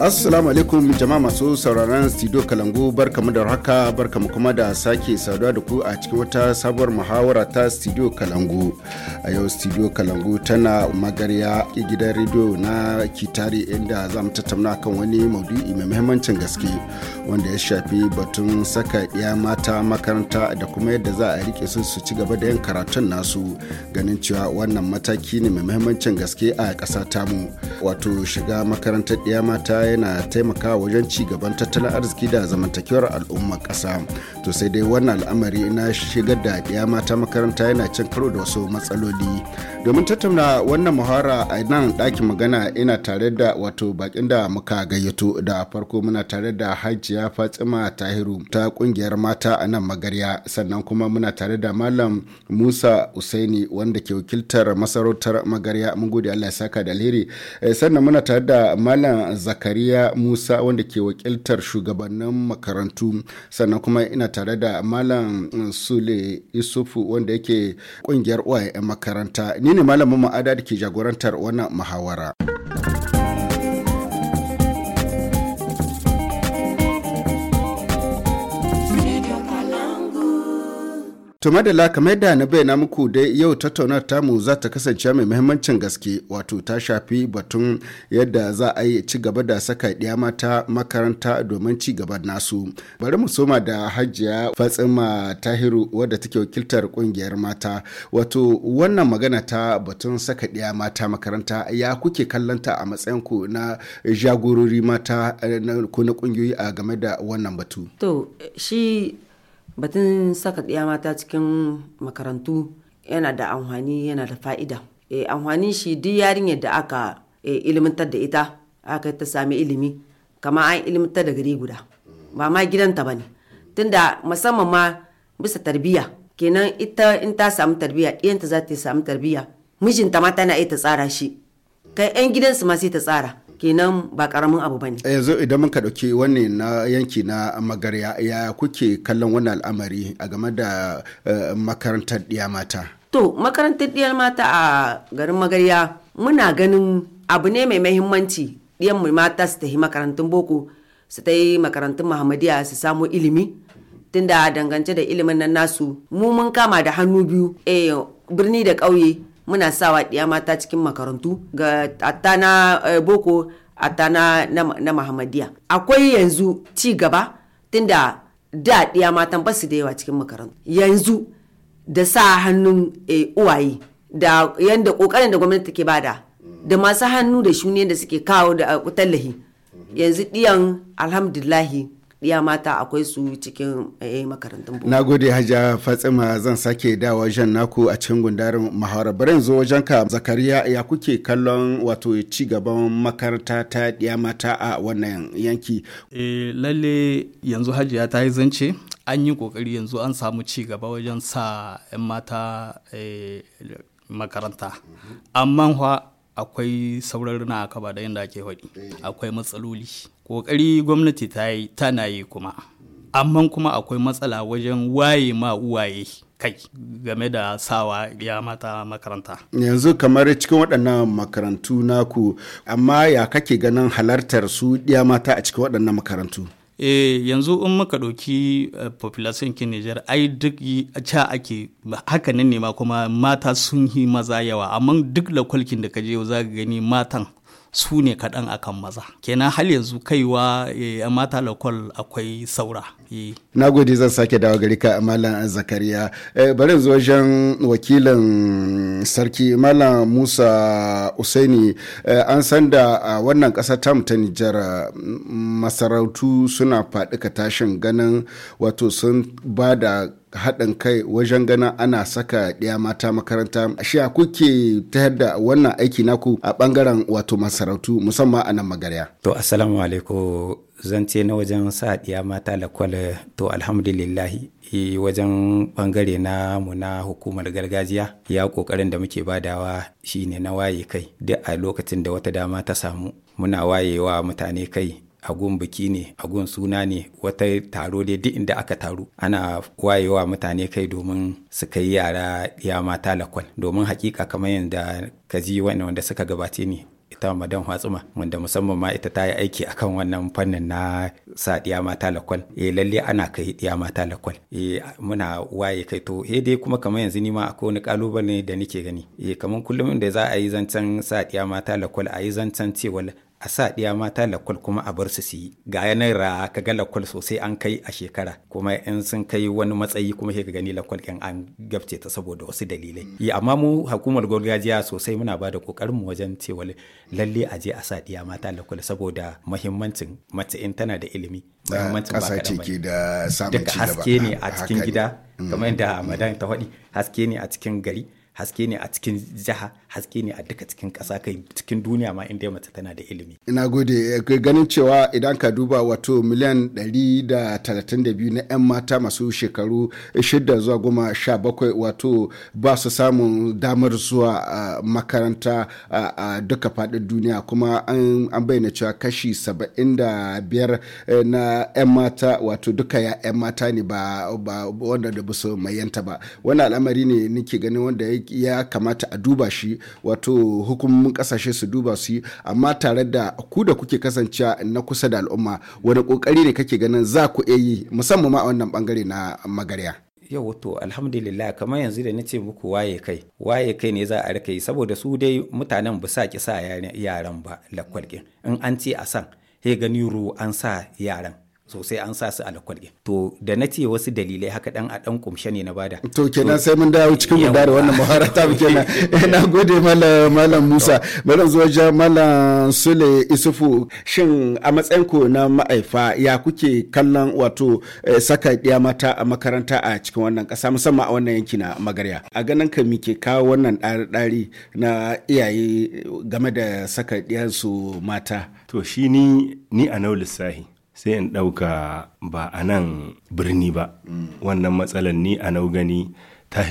Assalamu alaikum jama'a masu sauraron studio Kalangu barkamu da haka barkamu kuma da sake saduwa da ku a cikin wata sabuwar muhawara ta studio Kalangu. A yau studio Kalangu tana magarya gidan rediyo na Kitari inda za mu tattauna kan wani maudu'i mai muhimmancin gaske wanda ya shafi batun saka ɗiya mata makaranta da kuma yadda za a rike su su ci gaba da yin karatun nasu ganin cewa wannan mataki ne mai mahimmancin gaske a ƙasa tamu wato shiga makarantar ɗiya mata yana taimakawa wajen ci gaban tattalin arziki da zamantakewar al'ummar ƙasa to sai dai wannan al'amari na shigar da ɗiya mata makaranta yana cin karo da wasu matsaloli domin tattauna wannan muhara a nan ɗakin magana ina tare da wato bakin da muka gayyato da farko muna tare da hajiya Ya fatsima tahiru ta kungiyar mata a nan magarya sannan kuma muna tare da malam musa usaini wanda ke wakiltar masarautar magarya mun gode allah ya saka da alheri eh, sannan muna tare da malam zakariya musa wanda ke wakiltar shugabannin makarantu sannan kuma ina tare da malam sule isufu wanda yake kungiyar uwaye makaranta ni ne malamin ma'ada da ke jagorantar wannan muhawara. To madala kamar yadda na bayyana muku dai yau tattaunar tamu za ta kasance mai muhimmancin gaske wato ta shafi batun yadda za a yi ci gaba da saka ɗiya mata makaranta domin ci gaba nasu. Bari mu soma da hajiya Fatsima Tahiru wadda take wakiltar kungiyar mata. Wato wannan magana ta batun saka ɗiya mata makaranta ya kuke kallanta a matsayin ku na jagorori mata eh, ko na kungiyoyi a game da wannan batu. To shi batun saka ɗiya mata cikin makarantu yana da amfani yana da fa'ida e, amfanin shi duk yarinyar da aka e, ilimantar da ita aka ta sami ilimi kama an ilimantar da gari guda ba ma gidanta ba ne tunda musamman ma bisa tarbiyya kenan ita in ta samu tarbiyya ɗiyanta za ta samu tarbiyya mijinta ma tana iya ta tsara shi kai 'yan gidansu ma sai ta tsara kenan ba karamin abu bane eh, yanzu idan muka dauki wannan na yanki na magarya ya kuke kallon wannan al'amari a game da eh, makarantar ɗiya mata to makarantar ɗiyar mata a garin magarya muna ganin abu ne mai mahimmanci ɗiyan mata su tafi makarantun boko su ta yi makarantun muhammadiya su samu ilimi tunda dangance da ilimin nan nasu mu mun kama da hannu biyu eh birni da ƙauye muna sawa ɗiya mata cikin makarantu ga atta na eh, boko atta na na muhammadiya akwai yanzu ci gaba tunda da ɗiya matan ba da yawa cikin makarantu yanzu da sa hannun eh, uwaye da yadda kokarin da gwamnati take bada da masu hannu da shuni da suke kawo da eh, tallahi mm-hmm. yanzu ɗiyan alhamdulillahi ya mata akwai su cikin eh, makarantun boko. Na gode Hajiya Fatsima zan sake dawa jan naku a cikin gundarin Mahawara. Bari yanzu wajen ka Zakariya ya kuke kallon wato ci gaban makaranta ta ya mata a wannan yanki. E, lalle yanzu Hajiya ta yi zance an yi kokari yanzu an samu ci gaba wajen sa 'yan mata e, makaranta. Amma akwai sauran na a kaba da yadda ake faɗi akwai matsaloli. ƙoƙari gwamnati ta yi tana yi kuma amma kuma akwai matsala wajen waye ma uwaye kai game da sawa ya mata makaranta yanzu kamar cikin waɗannan makarantu naku amma ya kake ganin halartar su ya mata a cikin waɗannan makarantu e yanzu in muka ɗauki eh, population kin Niger ai duk ca ake haka nan ne ma kuma mata sun yi maza yawa amma duk lakwalkin da ka je za ka gani matan su ne kaɗan akan maza kenan hal yanzu kaiwa eh, a mata lokal akwai saura eh. na gode zan sake dawo gari ka malam zakariya eh, bari zuwa wajen wakilin sarki malam musa usaini an san da a wannan ƙasa tam ta nijar mm, masarautu suna faɗi tashin ganin wato sun ba da haɗin kai wajen gana ana saka ɗaya mata makaranta a kuke ta da wannan aiki naku a ɓangaren wato masarautu musamman a nan magarya to assalamu alaikum zan ce na wajen sa ɗaya mata lakwal to alhamdulillahi eh, wajen ɓangare na mu na hukumar gargajiya ya ƙoƙarin da muke badawa shine na waye kai duk a lokacin da wata dama ta samu muna wayewa mutane kai agun biki ne agun suna ne wata taro dai duk inda aka taru ana wayewa mutane kai domin su kai yara ya mata lakwal domin hakika kamar yadda kaji wani wanda suka gabace ni ita madan hatsuma wanda musamman ma ita ta yi aiki akan wannan fannin na sa diya mata lakwal e lalle ana kai diya mata lakwal e muna waye kai to e dai kuma kamar yanzu ni ma akwai wani kalubale da nake gani e kamar kullum da za a yi zancen sa diya mata lakwal a yi zancen cewa a sa ɗiya mata lakwal kuma a bar su su yi ga yanar ka ga lakwal sosai an kai a shekara kuma in sun kai wani matsayi kuma sai ka gani lakwal ɗin an gabce ta saboda wasu dalilai mm. ya amma mu hukumar gargajiya sosai muna ba da kokarin mu wajen cewa lalle a je a sa ɗiya mata lakwal saboda muhimmancin mace in tana da ilimi muhimmancin ba ke da samun duka haske ne a cikin gida mm. kamar yadda mm. madan ta faɗi haske ne a cikin gari haske ne a cikin jiha haske ne a duka cikin ƙasa kai cikin duniya ma inda mace tana da ilimi. Ina gode ganin cewa idan ka duba wato miliyan 132 na 'yan mata masu shekaru 6 zuwa goma sha bakwai wato ba su samun damar zuwa makaranta a duka faɗin duniya kuma an bayyana cewa kashi 75 eh, na 'yan mata wato duka ya 'yan mata ne ba wanda da su mayanta ba wani al'amari ne nake ganin wanda ya kamata a duba shi wato hukumomin kasashe su duba su yi amma tare da ku da kuke kasancewa na kusa da al'umma wani kokari ne kake ganin za ku iya yi musamman ma a wannan bangare na magarya yau wato alhamdulillah kamar yanzu da nace muku waye kai waye kai ne za a rika yi saboda su dai mutanen ba sa ki sa yaran ba lakwalkin in an ce a san he gani ru an sa yaran sosai an sa su alkwalge to da na ce wasu dalilai haka dan a dan kumshe ne na bada to kenan sai mun dawo cikin mu da wannan muharata mu kenan eh, na gode malam Musa bari zo ja malam Sule Isufu shin a matsayin ku na ma'aifa ya kuke kallon wato eh, saka ɗiya mata a makaranta a cikin wannan ƙasa musamman a wannan yanki na Magarya a ganin ka muke kawo wannan ɗari na iyaye game da saka ɗiyansu mata to shi ni ni a nau lissahi sai in ɗauka ba a nan birni ba wannan matsalar ni a gani ta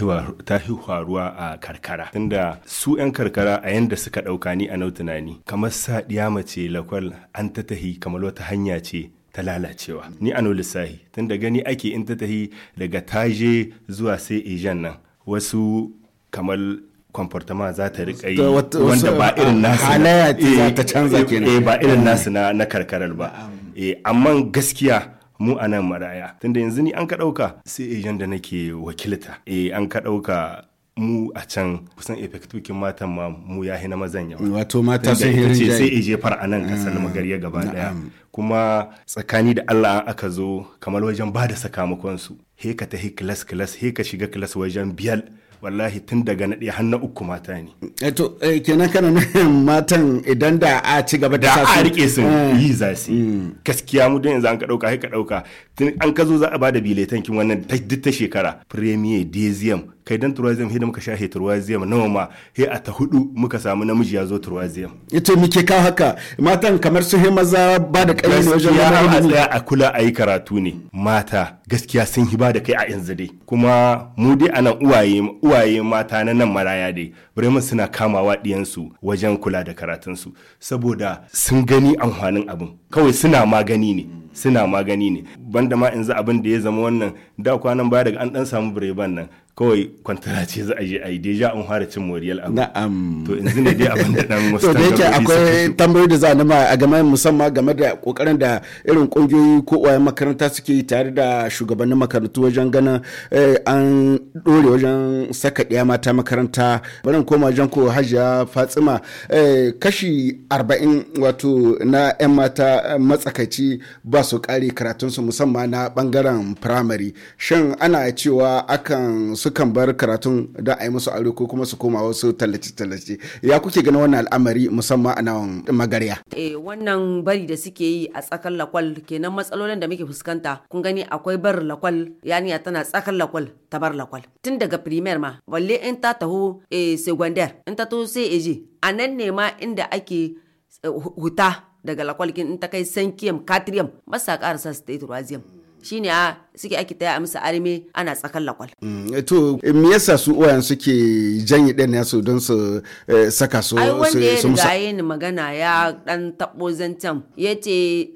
yi faruwa a karkara tunda su 'yan karkara a yanda suka ɗauka ni a nau tunani kamar sa mace lakwal an ta tahi kamar wata hanya ce ta lalacewa ni a lissahi tunda gani ake in ta tahi daga taje zuwa sai ijan nan wasu kamar kwamfortama za ta rika yi wanda ba irin nasu na eh, eh, eh, karkarar ba e, amma gaskiya mu a nan maraya tunda yanzu ni an ka ɗauka sai da nake wakilta e, an ka ɗauka mu a can kusan efektukin matan ma mu ya na mazan yawa wato mata sun hirin ce sai eje far a nan kasar ah, magariya gaba daya kuma tsakani da Allah aka zo kamar wajen ba da sakamakonsu he ka ta hi kilas kilas he ka shiga kilas wajen biyal wallahi tun daga na ɗaya har uku mata ne. Eto eh, eh, kenan kana nan matan idan da a ci gaba da a rike su eh. yi zasi. su mm. gaskiya mu don yanzu an ka ɗauka ka ɗauka tun an ka zo za a ba bada biletan kin wannan duk ta shekara premier Dezium kai dan turwaziyam he da muka shahe turwaziyam nawa ma he a ta hudu muka samu namiji ya zo turwaziyam ita muke ka haka matan kamar su he maza ba da kai ne wajen ya tsaya a kula a yi karatu ne mata gaskiya sun hi ba da kai a yanzu dai kuma mu dai anan uwaye uwaye mata na nan maraya dai bremen suna kamawa diyansu wajen kula da karatunsu saboda sun gani amfanin abin kawai suna magani ne suna magani ne banda ma yanzu abin da ya zama wannan da kwanan baya daga an dan samu bireban nan kawai kwantara ce za a je a yi deja an fara cin moriyar abu na'am to yanzu ne dai abin da dan wasu to yake akwai tambayoyi da za a ma a game musamman game da kokarin da irin kungiyoyi ko wayan makaranta suke yi tare da shugabannin makarantu wajen ganin eh, an dore wajen saka ɗaya mata makaranta bari koma wajen ko hajiya fatsima eh, kashi arba'in wato na 'yan mata eh, matsakaici ba su kare karatunsu musamman na bangaren firamare shin ana cewa akan sukan bar karatun da a yi musu aure ko kuma su koma wasu tallace-tallace ya kuke gani wannan al'amari musamman a nan magarya eh wannan bari da suke yi a tsakar lakwal kenan matsalolin da muke fuskanta kun gani akwai bar lakwal ya tana tsakar lakwal ta bar lakwal tun daga primaire ma balle in ta taho eh secondaire in ta taho sai eje a nan ne ma inda ake eh, huta daga lakwalkin in ta kai sankiyam katriyam masa karasa state rozium shine a suke ake taya a musu arme ana tsakan lakwal. Mm, eh, to eh, me yasa su uwayen suke janye ɗan yasu don su eh, saka su ai wanda ya riga yin magana ya dan tabo zancen ya ce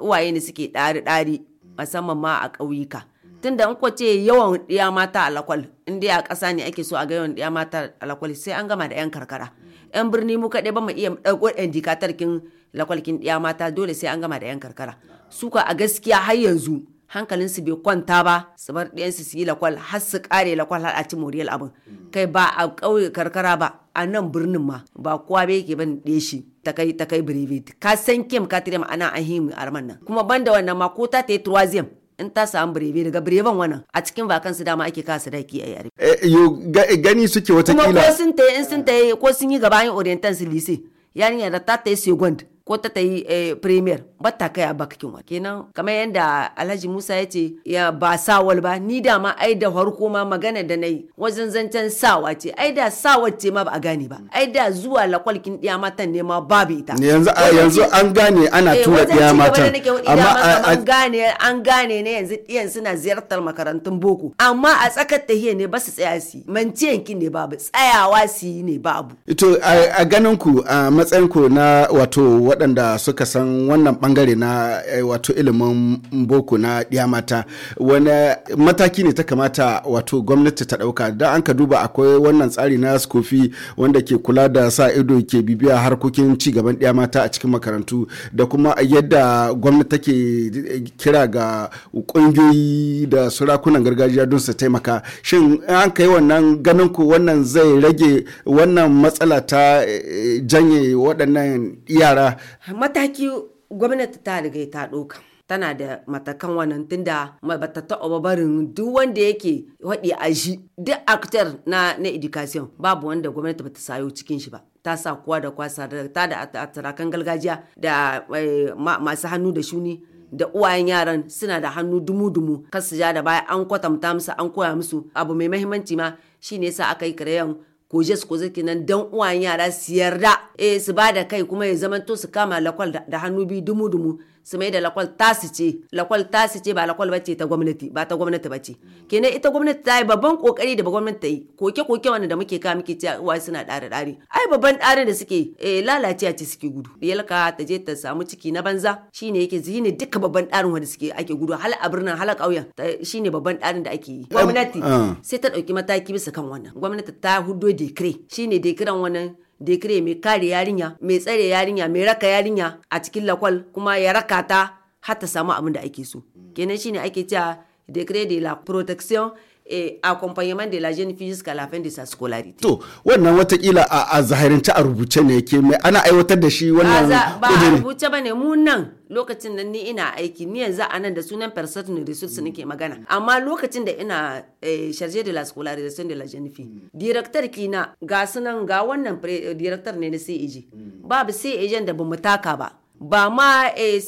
uwaye ne suke ɗari ɗari musamman ma a ƙauyuka tunda ko ce yawan ɗiya mata a lakwal in dai a ƙasa ne ake so a ga yawan ɗiya mata a lakwal sai an gama da 'yan karkara 'yan birni mu kaɗai ba mu iya ɗauko ɗan dikatarkin lakwalkin ɗiya mata dole sai an gama da 'yan karkara suka a gaskiya har yanzu hankalinsu bai kwanta ba su bar ɗiyansu su yi lakwal har su ƙare lakwal har a ci moriyar abin kai ba a ƙauye karkara ba a nan birnin ma ba kowa bai yake ban ɗe shi ta kai brevet ka san kem ka tire ana an himu arman nan kuma banda wannan ma ko ta ta yi troisième in ta samu brevet daga brevet wannan a cikin su dama ake kasa daki a yare. Eh, eh, gani suke wata kila. kuma ko sun ta yi in sun ta yi ko sun yi gaba yin orientan silise yarinya da ta ta yi second ko ta ta eh, premier batta kai a bakin wa kenan kamar yadda Alhaji Musa ya ce ya ba sawal ba ni da ma ai da farko ma magana da nayi wajen zancen sawa ce ai da sawa ce ma ba a gane ba ai da zuwa lakwalkin diya matan ne ma babu ita yanzu yanzu an gane ana eh, tura diya matan amma an gane an gane ne yanzu diyan suna ziyartar makarantun boko amma a tsakar tahiya ne ba su tsaya su manciyan kin ne babu tsayawa su ne babu ito a ganin ku a matsayin ku na wato waɗanda suka san wannan bangare na eh, wato ilimin boko na ya mata wani mataki ne ta kamata wato gwamnati ta ɗauka da an ka duba akwai wannan tsari na skofi wanda ke kula da sa ido ke bibiya harkokin ci gaban mata a cikin makarantu da kuma yadda gwamnati take eh, kira ga ƙungiyoyi da surakunan gargajiya don su taimaka shin an ka yi wannan ganin ku wannan zai rage wannan matsala ta eh, janye waɗannan yara mataki gwamnati ta riga ta ɗauka tana da matakan wannan tunda bata taɓa barin duk wanda yake waɗi a shi duk actor na na education babu wanda gwamnati bata sayo cikin shi ba ta sa kowa da kwasa ta da atarakan gargajiya da eh, masu hannu da shuni da uwayen yaran suna da hannu dumu-dumu kasu su ja da baya an kwatanta musu an koya musu abu mai mahimmanci ma shine yasa aka yi kirayen ko ko zai kenan dan uwan yara su yarda eh su ba da kai kuma ya zamanto su kama lakwal da hannu biyu dumu dumu su mai da lakwal tasi ce lakwal tasi ce ba lakwal bace ta gwamnati ba ta gwamnati bace kenan ita gwamnati ta yi babban kokari da gwamnati ta yi koke koke wanda da muke ka muke cewa wa suna dare dare ai babban dare da suke eh a ce suke gudu yalka ta je ta samu ciki na banza shine yake zine duka babban darin wanda suke ake gudu hal a birnin hal kauyen shine babban darin da ake yi gwamnati ah. sai ta dauki mataki bisa kan wannan gwamnati ta hudo decree shine decree wannan dekire mai kare yarinya mai tsare yarinya mai raka yarinya a cikin lakwal kuma ya raka ta har ta samu abin da ake so mm. kenan shine ake cewa decret de la protection eh, accompagnement de la jeune fille jusqu'à la fin de sa scolarité. To, wannan watakila a, a zahirance a rubuce ne yake mai ana aiwatar da shi wannan ba a rubuce ba ne mu nan lokacin da ni ina aiki ni yanzu a nan da sunan personal resource mm. nake magana amma lokacin da ina eh, charge de la scolarisation de la jeune fille mm. director kina ga sunan ga wannan e, director ne na CAG mm. babu CAG da bamu taka ba ba ma eh,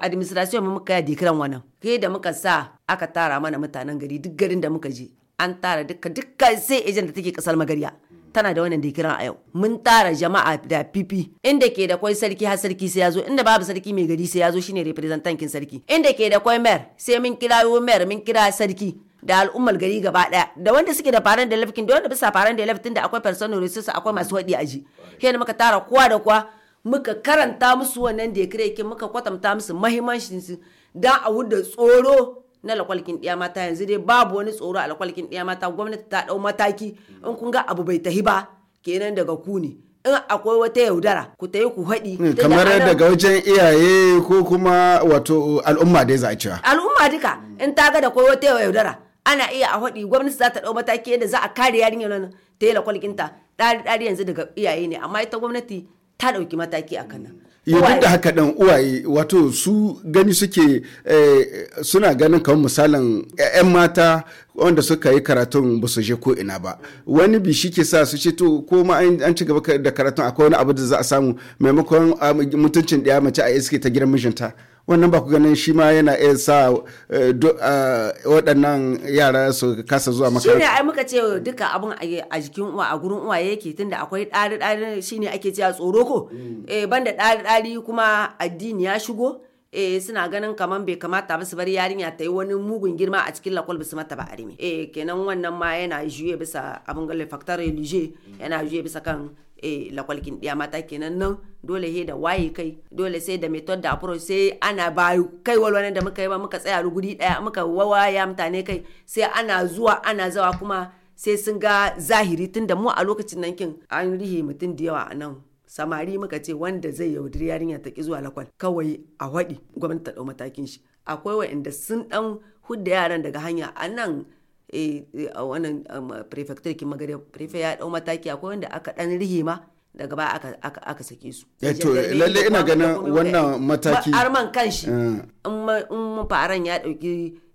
administration mu muka dikiran wannan kai da muka sa aka tara mana mutanen gari duk garin da muka je an tara duka duka sai ejen da take kasar magariya tana da wannan dikiran a yau mun tara jama'a da pipi inda ke da kwai sarki har sarki sai ya zo inda babu sarki mai gari sai ya zo shine representantin kin sarki inda ke da kwai mayor sai mun kira yo mayor mun kira sarki da al'ummar gari gaba daya da wanda suke da faran da lafkin da wanda bisa faran da lafkin da akwai personal resources akwai masu wadi aji kenan muka tara kowa da kowa muka karanta musu wannan da ya muka kwatanta musu mahimmancin su dan a wuda tsoro na lakwalkin ɗiya mata yanzu dai babu wani tsoro a lakwalkin ɗiya mata gwamnati ta ɗau mataki in kun ga abu bai tahi ba kenan daga ku ne in akwai wata yaudara ku ta yi ku haɗi. Hmm, kamar daga wajen iyaye ko kuma wato al'umma dai za a cewa. al'umma duka in ta ga da akwai wata yaudara ana iya a haɗi gwamnati za ta ɗau mataki yadda za a kare yarinyar nan ta yi ta ɗari ɗari yanzu daga iyaye ne amma ita gwamnati ta ɗauki mataki a kan nan. ya duk da haka dan uwaye wato su gani suke eh, suna ganin kamar misalin 'yan mata wanda suka yi karatun ba su je ko ina ba wani bi shi ke sa su ce to ko ma an ci gaba da karatun akwai wani abu da za a samu maimakon ah, mutuncin ɗaya mace a iske ta gidan mijinta wannan ba ku ganin shi ma yana iya sa eh, eh, waɗannan yara su kasa zuwa makaranta shine ai muka ce duka abun a jikin uwa a gurin uwa yake tunda akwai ɗari ɗari shine ake cewa tsoro ko mm. eh, banda ɗari ɗari kuma addini ya shigo eh suna ganin kaman bai kamata ba su bar yarinya ta yi wani mugun girma a cikin lakwal bisu mata ba rime eh kenan wannan ma yana juye bisa abin galle factor religieux mm. yana juye bisa kan e eh, lakwalkin ɗiya mata kenan nan dole he da waye kai dole sai da method da approach sai ana bayu kai walwalan da muka yi ba muka tsaya guri daya muka wawaya mutane kai sai ana zuwa ana zawa kuma sai sun ga zahiri tun da mu a lokacin nan kin an rihe mutum da yawa a nan samari muka ce wanda zai yaudari yarinya ta ki zuwa lakwal kawai a waɗi gwamnati ta ɗau matakin shi akwai wa'inda sun ɗan hudda yaran daga hanya a nan Eh, eh, a wannan um, prefecture ki magare prefe ya dau mataki akwai wanda aka dan rihe ma daga ba aka sake su eh, to lalle ina ganin wannan mataki arman kanshi in faran ya dauki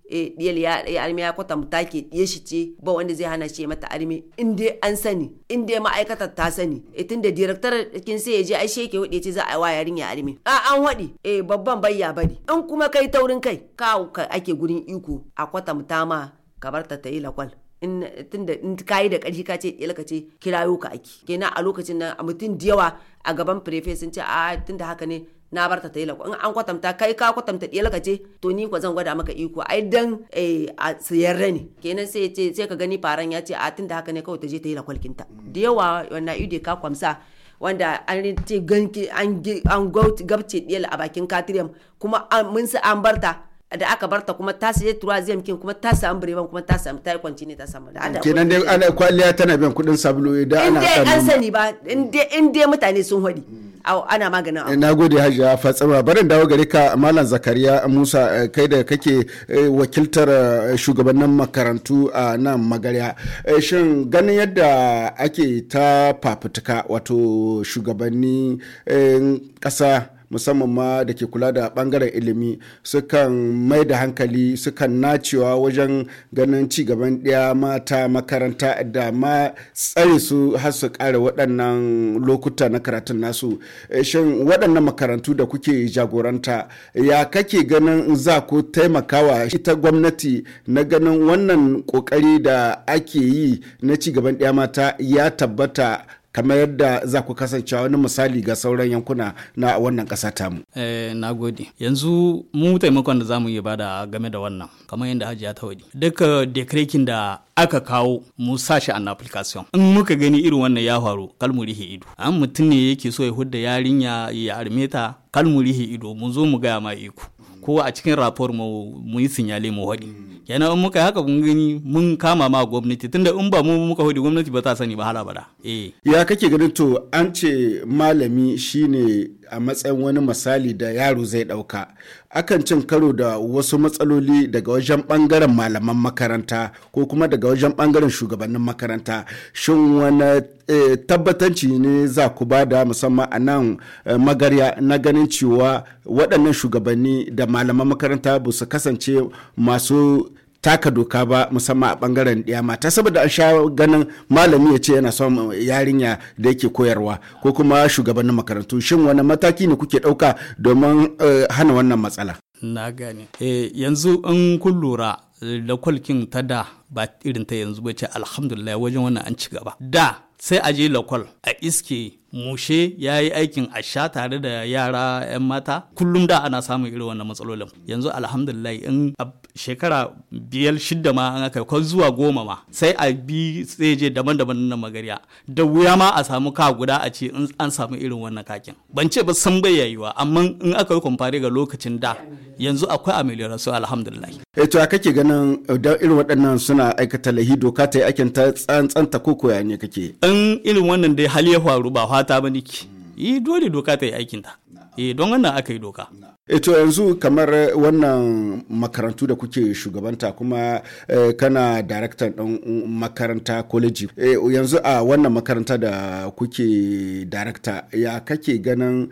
diyal ya almi ya kwata mutaki ya shi ce ba wanda zai hana shi mata almi in dai an sani in dai ma'aikatar ta sani e da director kin sai ya je ai sheke ya ce za a wa yarin ya almi a an wadi eh babban bayya bari in kuma kai taurin kai ka ake gurin iko a kwata mutama ka bar ta ta yi lakwal in tunda in ka yi da ƙarfi ka ce ƙila ka ce kirayo ka aiki kenan a lokacin nan a mutum da yawa a gaban prefe sun ce a tunda haka ne na bar ta ta yi lakwal in an kwatanta kai ka kwatanta ɗiyar ka ce to ni ko zan gwada maka iko ai dan eh, a siyarra ne kenan sai ce sai ka gani faran ya ce a tunda haka ne kawai ta je ta yi kinta da yawa wannan ido ka kwamsa wanda an ce ganki an gabce diyal a bakin katiriyam kuma mun sa an barta da aka barta kuma ta sayi turaziyam kin kuma ta samu bireban kuma ta samu ta yi kwanci ne ta samu da ada kenan dai ana kwaliya tana biyan kudin sabulu da ana inda an sani ba in dai mutane sun hadi ana maganin abu eh, na gode hajiya fatsima barin dawo gare ka malam zakariya musa eh, kai da kake eh, wakiltar shugabannin makarantu a nan magarya shin ganin yadda ake ta fafutuka wato shugabanni kasa musamman ma da ke kula da bangaren ilimi sukan mai da hankali sukan nacewa wajen ganin ci gaban ɗaya mata makaranta da ma tsare su har su ƙara waɗannan lokuta na karatun nasu eh, shin waɗannan makarantu da kuke jagoranta ya kake ganin za ku taimakawa ita gwamnati na ganin wannan ƙoƙari da ake yi na ci gaban ɗaya mata ya tabbata kamar yadda za ku kasance wani misali ga sauran yankuna na wannan ƙasa tamu. Eh, na gode. Yanzu mu taimakon da za mu iya bada game da wannan kamar yadda Hajiya ta tawadi. Duka dekrekin da aka kawo mu sashi shi an application. In muka gani irin wannan ya faru kalmu rihe ido. An mutum ne yake so ya hudda yarinya ya armeta kalmu rihe ido mu zo mu gaya ma iko. kowa a cikin rapor mu mu sinyale mu hodi yana in muka haka mun gani mun kama ma gwamnati tunda in ba mu muka hodi gwamnati ba ta sani ba hala bada eh ya kake ganin to an ce malami shine a matsayin wani misali da yaro zai ɗauka akan cin karo da wasu matsaloli daga wajen ɓangaren malaman makaranta ko kuma daga wajen ɓangaren shugabannin makaranta shin wani eh, tabbatanci ne za ku ba da musamman a nan eh, magarya na ganin cewa waɗannan shugabanni da malaman makaranta ba su kasance masu taka doka ba musamman a bangaren ɗiya mata saboda an sha ganin malami ya ce yana son yarinya da yake koyarwa ko kuma shugabannin makarantu shin wani mataki ne kuke ɗauka domin eh, hana wannan matsala na gane eh, yanzu in kun lura da kwalkin ta da ba irin ta yanzu ba ce alhamdulillah wajen wannan an ci gaba da sai a je lakwal a iske mushe ya yi aikin a sha tare da yara 'yan mata kullum da ana samun irin wannan matsalolin yanzu alhamdulillah in shekara biyar shidda ma an aka kwan zuwa goma ma sai a bi je daban-daban na magariya da wuya ma a samu ka guda a ce an samu irin wannan kakin ban ce ba san bai yayuwa amma in aka yi kumfare ga lokacin da yanzu akwai su alhamdulillah eh to kake ganin eh, da irin waɗannan suna aikata lahi doka ta yi aikin ta tsantsanta ko koya ne kake in irin wannan dai hali ya faru ba fata ba niki yi dole doka ta yi aikinta. e don wannan aka yi doka eto eh, yanzu kamar eh, wannan makarantu da kuke shugabanta kuma kana daraktan ɗan makaranta koleji yanzu a wannan makaranta da kuke darakta ya kake ganin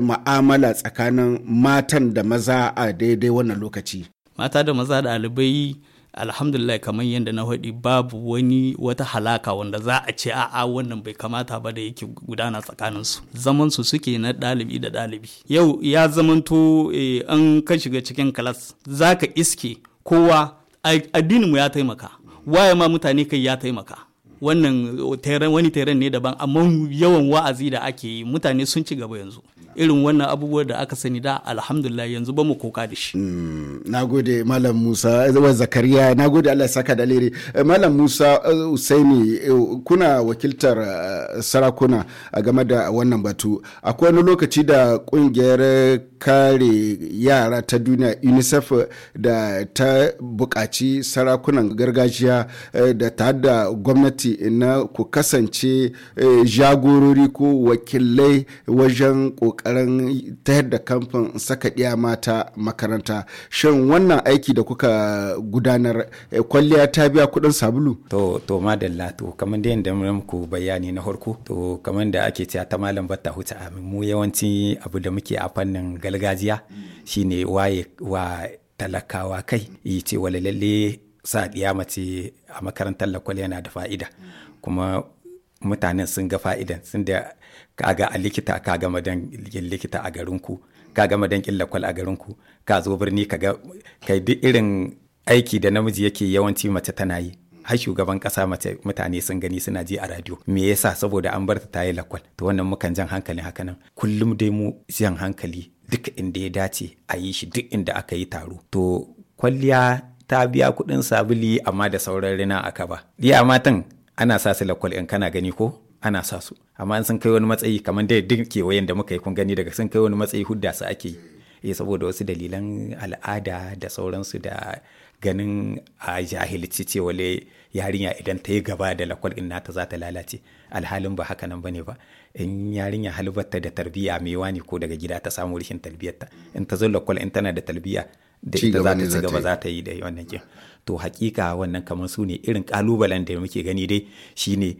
ma'amala tsakanin matan da maza a daidai wannan lokaci mata da maza ɗalibai alhamdulillah kamar yadda na faɗi babu wani wata halaka wanda za a ce a'a wannan bai kamata ba da yake gudana tsakanin su zaman su suke na ɗalibi da ɗalibi yau ya zamanto eh, an ka shiga cikin kalas ka iske kowa addinin mu ya taimaka waye ma mutane kai ya taimaka wannan eh, wani teren ne daban amma yawan wa'azi da ake yi mutane sun ci gaba yanzu irin wannan abubuwa da aka sani da alhamdulillah yanzu ba mu koka da shi. Hmm, na gode malam musa eh, wa zakariya na gode allah saka da lere eh, malam musa eh, usaini kuna wakiltar sarakuna a game da wannan batu akwai wani lokaci da kungiyar kare yara ta duniya unicef da ta buƙaci sarakunan gargajiya da ta da gwamnati na ku kasance jagorori ko wakilai wajen kokarin ta yadda kamfan saka ɗiya mata makaranta shin wannan aiki da kuka gudanar eh, kwalliya ta biya kuɗin sabulu to to madalla to kamar da yadda muku bayani na farko to kamar da ake cewa ta malam batta huta amin mu yawanci abu da muke a fannin gargajiya shine waye wa talakawa kai yi ce wala lalle sa ɗiya mace a makarantar lakwal yana da fa'ida kuma mutanen sun ga fa'idan sun da kaga a likita ka gama dan likita a garinku ka gama dan lakwal a garinku ka zo birni ka ga kai duk irin aiki da namiji yake yawanci mace tana yi har shugaban kasa mace mutane sun gani suna ji a radio me yasa saboda an bar ta yi lakwal to wannan mukan jan hankali haka nan kullum dai mu jan hankali duk inda ya dace a yi shi duk inda aka yi taro to kwalliya ta biya kuɗin sabili. amma da sauran rina aka ba. iya matan ana sa su lakwal in kana gani ko ana sa su amma an san kai wani matsayi kamar da duk kewayen da muka yi kun gani daga sun kai wani matsayi hudda su ake yi e saboda wasu dalilan al'ada da sauransu da ganin a jahilci ce wale yarinya idan ta yi gaba da lakwal in nata za ta lalace alhalin ba haka nan ne ba in yarinya halbarta da tarbiyya mai wani ko daga gida ta samu rashin tarbiyyarta in ta zo lakwal in tana da tarbiyya da ita za ta ci gaba za ta yi da wannan kin to hakika wannan kamar su ne irin kalubalen da muke gani dai shine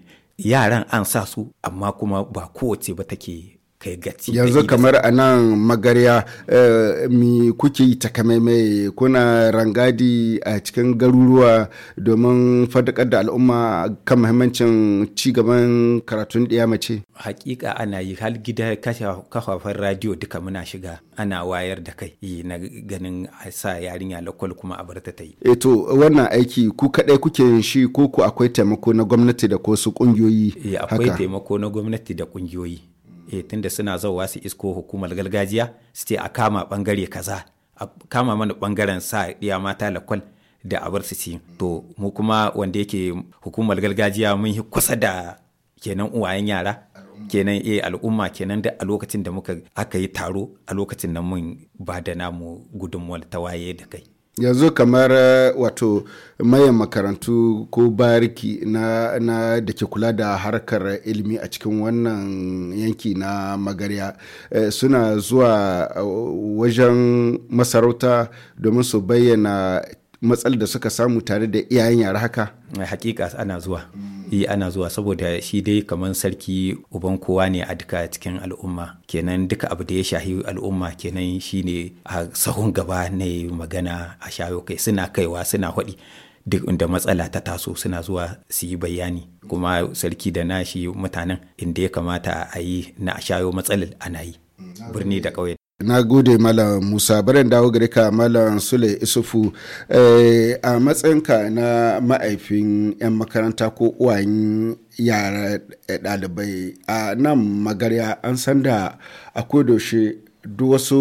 yaran an sa su amma kuma ba kowace ba take kai gati yanzu kamar a nan magarya eh, mi kuke yi takamaimai kuna rangadi a cikin garuruwa domin fadakar da al'umma kan muhimmancin gaban karatun ɗaya mace hakika ana yi hal gida kafafen radio duka muna shiga ana wayar da kai eh, na ganin sa yarinya lakwal kuma a barta ta yi eto eh, wannan aiki ku kadai kuke shi ko ku akwai taimako na gwamnati da ko su kungiyoyi akwai taimako na gwamnati da kungiyoyi e, tunda suna zauwa su isko hukumar gargajiya su ce a kama bangare kaza a kama mana bangaren sa iya mata lakwal da abar su ci to mu kuma wanda yake hukumar gargajiya mun yi kusa da kenan uwayen yara kenan eh al'umma kenan da a lokacin da muka aka yi taro a lokacin nan mun ba da namu gudunmuwar tawaye da kai yanzu kamar eh, wato mayan makarantu ko bariki na, na da ke kula da harkar ilimi a cikin wannan yanki na magarya e, suna zuwa eh, wajen masarauta domin su bayyana matsalar da suka samu tare da iyayen yara haka eh, hakika ana zuwa yi eh, ana zuwa saboda shi dai kamar sarki uban kowa ne a duka cikin al'umma kenan duka abu da ya shahi al'umma kenan shi ne a sahun gaba na magana a shayo kai suna kaiwa suna haɗi duk inda matsala ta taso suna zuwa su yi bayani kuma sarki da nashi mutanen inda ya kamata a yi na shayo matsalar ana yi mm, birni da ƙauye na gode malam musa barin dawo gare ka malam sule isufu eh, a matsayinka na ma'aifin 'yan makaranta ko uwayen yara eh, ɗalibai a nan magarya an san da a kodoshe duk wasu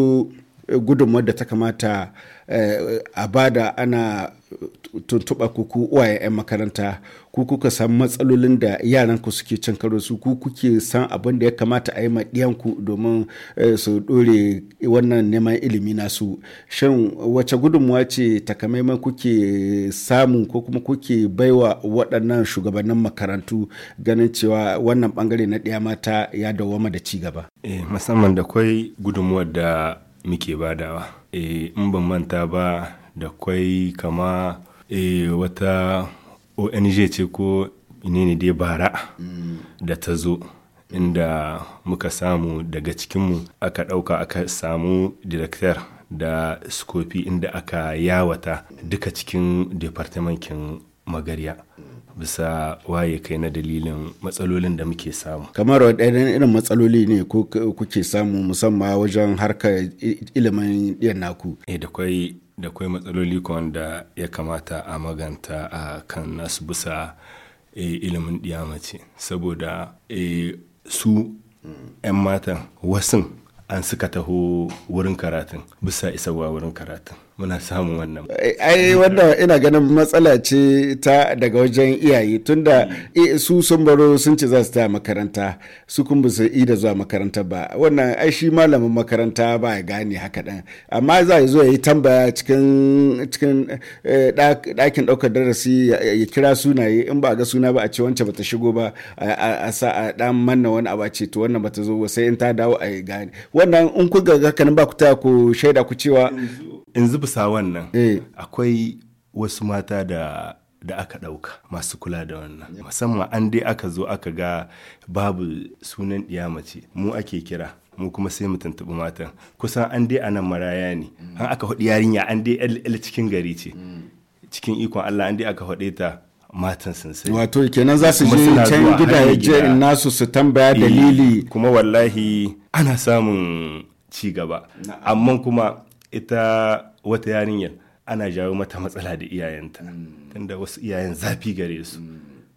gudunmawar da ta kamata eh, a bada ana tuntuɓa ku ku uwaye 'yan makaranta ku kuka san matsalolin da yaran ku suke cin su ku kuke san abin da ya kamata a yi ma ku domin eh, su ɗore wannan neman ilimi nasu shin wace gudunmuwa ce takamaiman kuke samu ko kuma kuke baiwa waɗannan shugabannin makarantu ganin cewa wannan bangare na ɗaya mata ya dawwama da ci gaba eh, musamman da kwai gudunmuwar da muke badawa eh, in ban manta ba da kwai kama Eh, wata ong ce ko ne ne dai bara da ta zo inda muka samu daga cikinmu aka ɗauka aka samu director da skofi inda aka yawata duka cikin departamentin magarya bisa waye kai na dalilin matsalolin da muke samu kamar waɗannan irin matsaloli ne ko kuke samu musamman wajen harkar ilimin ɗiyan naku e da kwai da kwai matsaloli wanda ya kamata a maganta a kan nasu bisa eh, ilimin ɗiyamace saboda e su 'yan matan wasun an suka taho wurin karatun bisa isarwa wurin karatun muna samun wannan eh, ai wanda ina ganin matsala ce ta daga wajen iyaye tunda su sun baro sun ce za su ta makaranta su kuma su yi da zuwa makaranta ba wannan ai shi malamin makaranta ba ya gane haka ɗan amma za ya zo ya yi tambaya cikin cikin eh, ɗakin ɗaukar darasi ya kira sunaye in ba ga suna ba a ce wancan bata shigo ba a sa a dan manna wani abu a ce to wannan bata zo sai in ta dawo a gane wannan in ku ga haka ba ku ta ku shaida ku cewa yanzu bisa wannan eh. akwai wasu mata da da aka ɗauka masu kula da wannan musamman an dai aka zo aka ga babu sunan mace mu ake kira mu kuma sai mu tuntuɓi matan kusan an dai anan maraya ne an aka haɗu yarinya an dai el cikin gari ce cikin ikon Allah an dai aka haɗe ta matan sun sai wato kenan za su je can ya je nasu su tambaya eh, dalili kuma wallahi ana samun ci gaba amma kuma ita wata yarinyar ana jawo mata matsala da iyayenta tunda wasu iyayen zafi gare su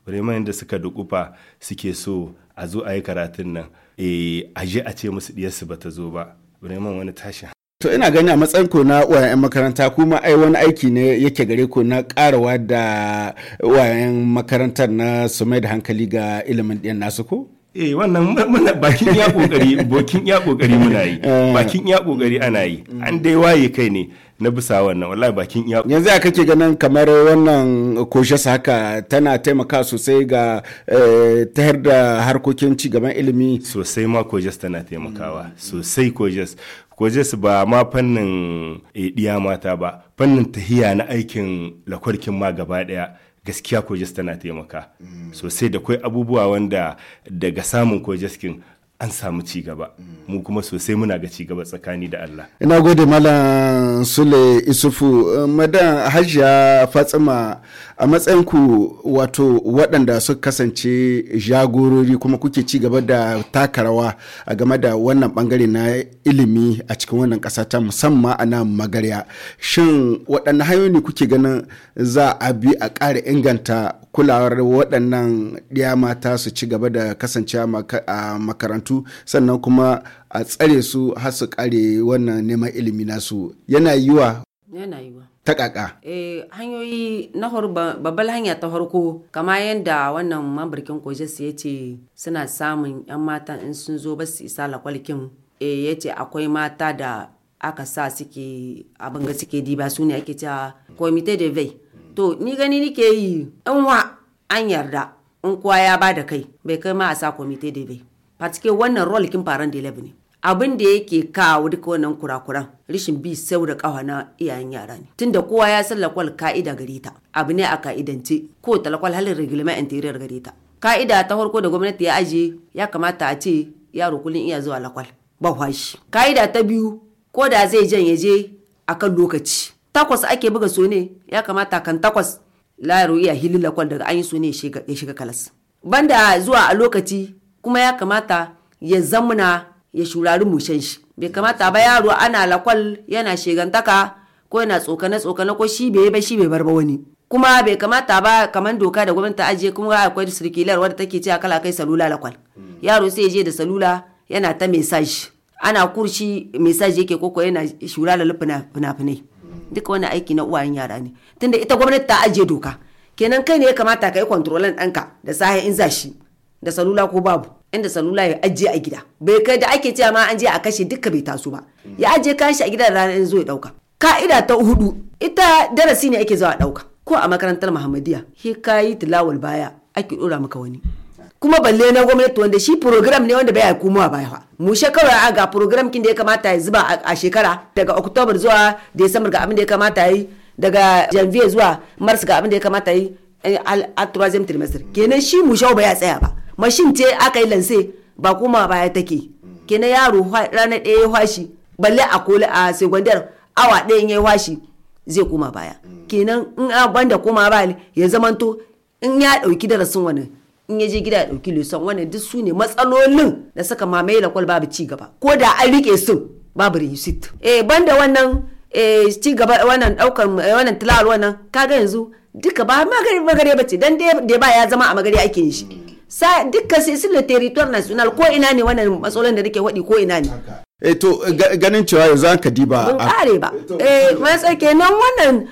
Bremen da suka dukufa suke so a zo a yi karatun nan eh, a je a ce musu diyarsu ba ta zo ba Bremen wani tashin to ina gani a matsayin ko na wayan makaranta kuma ai wani aiki ne yake gare ku na karawa da wayan makarantar na su mai da hankali ga ilimin ɗiyan nasu ko eh wannan muna bakin ya kokari bokin ya kokari muna yi eh. bakin ya kokari ana yi an dai waye kai ne na bisa wannan wallahi bakin ya yanzu a kake ganin kamar wannan koshe haka tana taimaka sosai ga eh, tahar da harkokin ci gaban ilimi sosai ma kojes tana taimakawa sosai kojes kojes ba ma fannin eh, ɗiya mata ba fannin tahiya na aikin lakwarkin ma gaba daya. gaskiya kojas tana taimaka sosai da kwai abubuwa wanda daga samun kojaskin. an samu ci mu kuma sosai muna ga cigaba gaba tsakani da Allah ina gode malam Sule Isufu eh, madan Hajiya Fatsima a matsayin ku wato waɗanda suka kasance jagorori kuma kuke ci gaba da taka a game da wannan bangare na ilimi a cikin wannan ƙasa ta musamman a nan magarya shin waɗanne hanyoyi kuke ganin za a bi a ƙara inganta kulawar waɗannan ɗiya mata su ci gaba da kasance a makarantu sannan kuma a tsare su har su ƙare wannan neman ilimi nasu yana yiwa yana yiwa ta kaka. Eh, hanyoyi na babbal hanya ta farko kama yadda wannan mambarkin kojes ya ce suna samun 'yan mata in sun zo ba su isa lakwalkin eh, ya ce akwai mata da aka sa suke abin ga suke diba su ne ake cewa komite de vey to ni gani nike yi in wa an yarda in kowa ya ba da kai bai kai ma a sa komite da bai fatike wannan rol kin faran da ne abin da yake kawo duka wannan kurakuran rishin bi sau da kawa na iyayen yara ne tunda kowa ya san lakwal ka'ida gare ta abu ne a ka'idance ko talakwal halin rigilima interior gare ta ka'ida ta farko da gwamnati ya aje ya kamata a ce yaro kullum iya zuwa lakwal ba kwashi ka'ida ta biyu ko da zai jan ya je akan lokaci takwas ake buga so ne ya kamata kan takwas layaru iya hili lakwal daga an yi so ne ya shiga kalas banda zuwa a lokaci kuma ya kamata ya zamuna ya shurari mushen shi bai kamata ba yaro ana lakwal yana shigantaka ko yana tsokane tsokane ko shi bai ba shi bai bar ba wani kuma bai kamata ba kamar doka da gwamnati ta ajiye kuma akwai sirkilar wadda take cewa kala kai salula lakwal hmm. yaro sai ya je da salula yana ta mesaj ana kurshi mesaj yake koko yana shura da fina-finai duka wani aiki na uwayen yara ne tunda ita gwamnati ta ajiye doka kenan kai ne ya kamata ka yi kontrolan ɗanka da sahi in zashi da salula ko babu inda salula ya ajiye a gida bai kai da ake cewa ma an je a kashe duka bai taso ba ya ajiye kashi a gida da ranar in zo ya ɗauka ka'ida ta hudu ita darasi ne ake zuwa ɗauka ko a makarantar muhammadiya he kayi tilawal baya ake ɗora maka wani kuma balle na gwamnati wanda shi program ne wanda bai komowa baya yawa mu shekara a ga program kin da ya kamata ya zuba a shekara daga october zuwa december ga abin da ya kamata yi daga janvier zuwa mars ga abin da ya kamata yi eh, a troisième trimestre kenan shi mu shawo ya tsaya ba mashin ce aka yi lanse ba kuma baya take kenan yaro ranar ɗaya ya washi balle a kola a secondaire awa ɗaya ya washi zai koma baya kenan in a banda koma baya ya zamanto in ya ɗauki darasin wani in ya je gida ya ɗauki leson wannan duk su ne matsalolin da suka mamaye kwal babu ci gaba ko da an rike su babu risit eh banda wannan eh ci gaba wannan daukar eh, wannan tilawar wannan kaga yanzu duka ba magari ba bace dan da ba ya zama a magari ake yin shi sa duka sai sun territoire national ko ina ne wannan matsalolin da nake wadi ko ina ne e to ganin cewa yanzu an diba ba kare ba eh, eh matsa kenan wannan